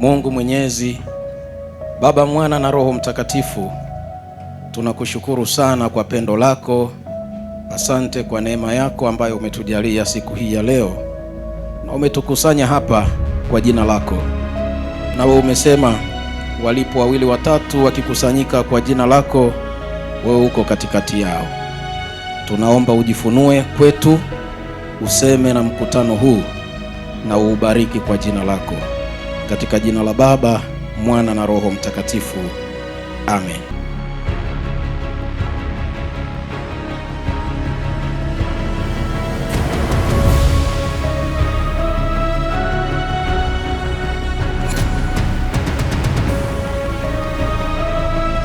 Mungu Mwenyezi, Baba, Mwana na Roho Mtakatifu, tunakushukuru sana kwa pendo lako. Asante kwa neema yako ambayo umetujalia siku hii ya leo, na umetukusanya hapa kwa jina lako. Nawe umesema walipo wawili watatu wakikusanyika kwa jina lako, wewe uko katikati yao. Tunaomba ujifunue kwetu, useme na mkutano huu na uubariki kwa jina lako. Katika jina la Baba, Mwana na Roho Mtakatifu, amen.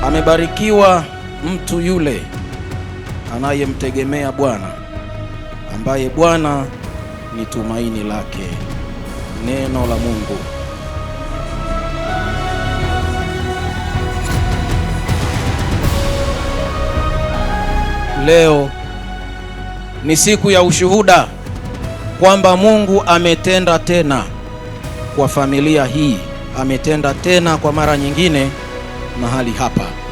Amebarikiwa mtu yule anayemtegemea Bwana, ambaye Bwana ni tumaini lake. Neno la Mungu. leo ni siku ya ushuhuda kwamba Mungu ametenda tena kwa familia hii, ametenda tena kwa mara nyingine mahali hapa.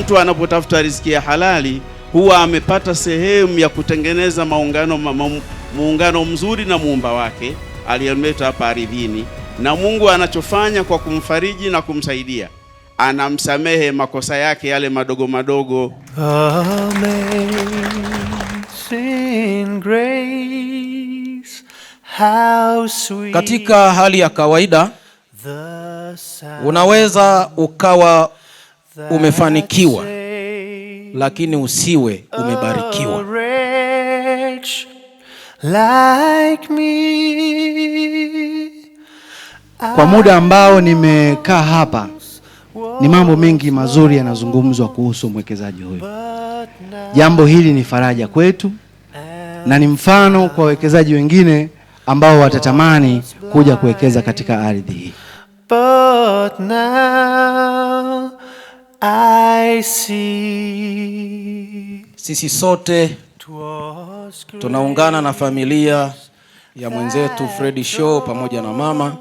Mtu anapotafuta riziki ya halali huwa amepata sehemu ya kutengeneza maungano, ma, muungano mzuri na muumba wake aliyemleta hapa aridhini, na Mungu anachofanya kwa kumfariji na kumsaidia anamsamehe makosa yake yale madogo madogo. Amazing grace, how sweet. Katika hali ya kawaida unaweza ukawa umefanikiwa, lakini usiwe umebarikiwa. Kwa muda ambao nimekaa hapa, ni mambo mengi mazuri yanazungumzwa kuhusu mwekezaji huyu. Jambo hili ni faraja kwetu na ni mfano kwa wawekezaji wengine ambao watatamani kuja kuwekeza katika ardhi hii. I see. Sisi sote tunaungana na familia ya mwenzetu Freddy show pamoja na mama,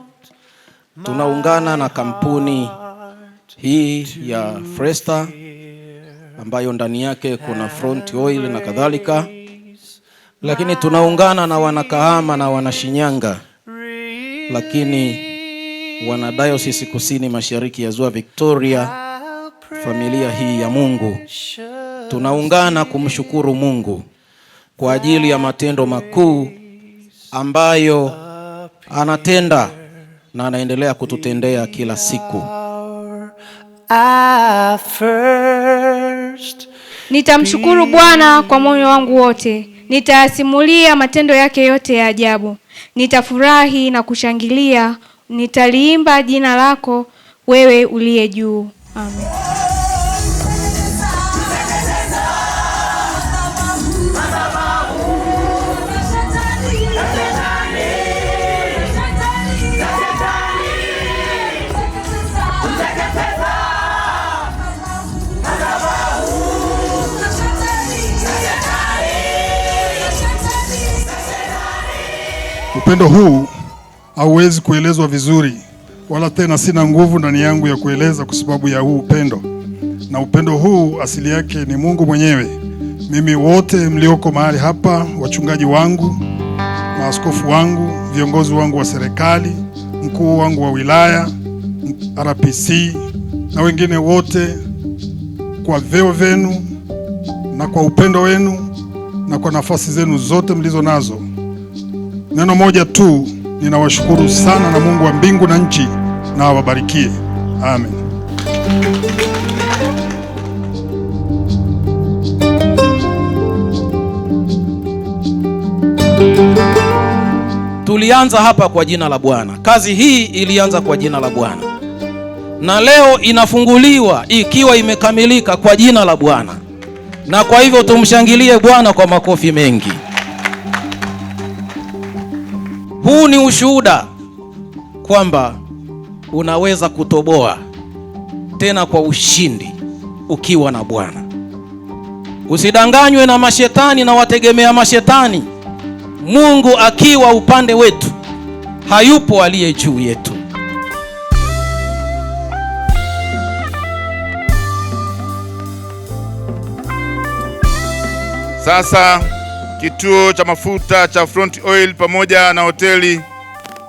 tunaungana na kampuni hii ya Fresta ambayo ndani yake kuna Front Oil na kadhalika, lakini tunaungana na wanakahama na wanashinyanga, lakini wana diocese kusini mashariki ya zua Victoria familia hii ya Mungu tunaungana kumshukuru Mungu kwa ajili ya matendo makuu ambayo anatenda na anaendelea kututendea kila siku. Nitamshukuru Bwana kwa moyo wangu wote, nitayasimulia matendo yake yote ya ajabu, nitafurahi na kushangilia, nitaliimba jina lako wewe uliye juu. Amen. Upendo huu hauwezi kuelezwa vizuri, wala tena sina nguvu ndani yangu ya kueleza kwa sababu ya huu upendo. Na upendo huu asili yake ni Mungu mwenyewe. Mimi wote mlioko mahali hapa, wachungaji wangu, maaskofu wangu, viongozi wangu wa serikali, mkuu wangu wa wilaya, RPC na wengine wote, kwa vyeo vyenu na kwa upendo wenu na kwa nafasi zenu zote mlizo nazo Neno moja tu, ninawashukuru sana, na Mungu wa mbingu na nchi na awabarikie. Amen. Tulianza hapa kwa jina la Bwana. Kazi hii ilianza kwa jina la Bwana, na leo inafunguliwa ikiwa imekamilika kwa jina la Bwana, na kwa hivyo tumshangilie Bwana kwa makofi mengi. Huu ni ushuhuda kwamba unaweza kutoboa tena kwa ushindi ukiwa na Bwana. Usidanganywe na mashetani na wategemea mashetani. Mungu akiwa upande wetu, hayupo aliye juu yetu. Sasa kituo cha mafuta cha Front Oil pamoja na hoteli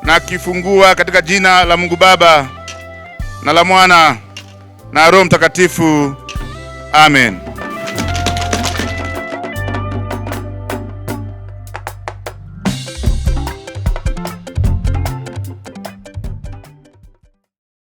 na kifungua katika jina la Mungu Baba na la Mwana na Roho Mtakatifu. Amen.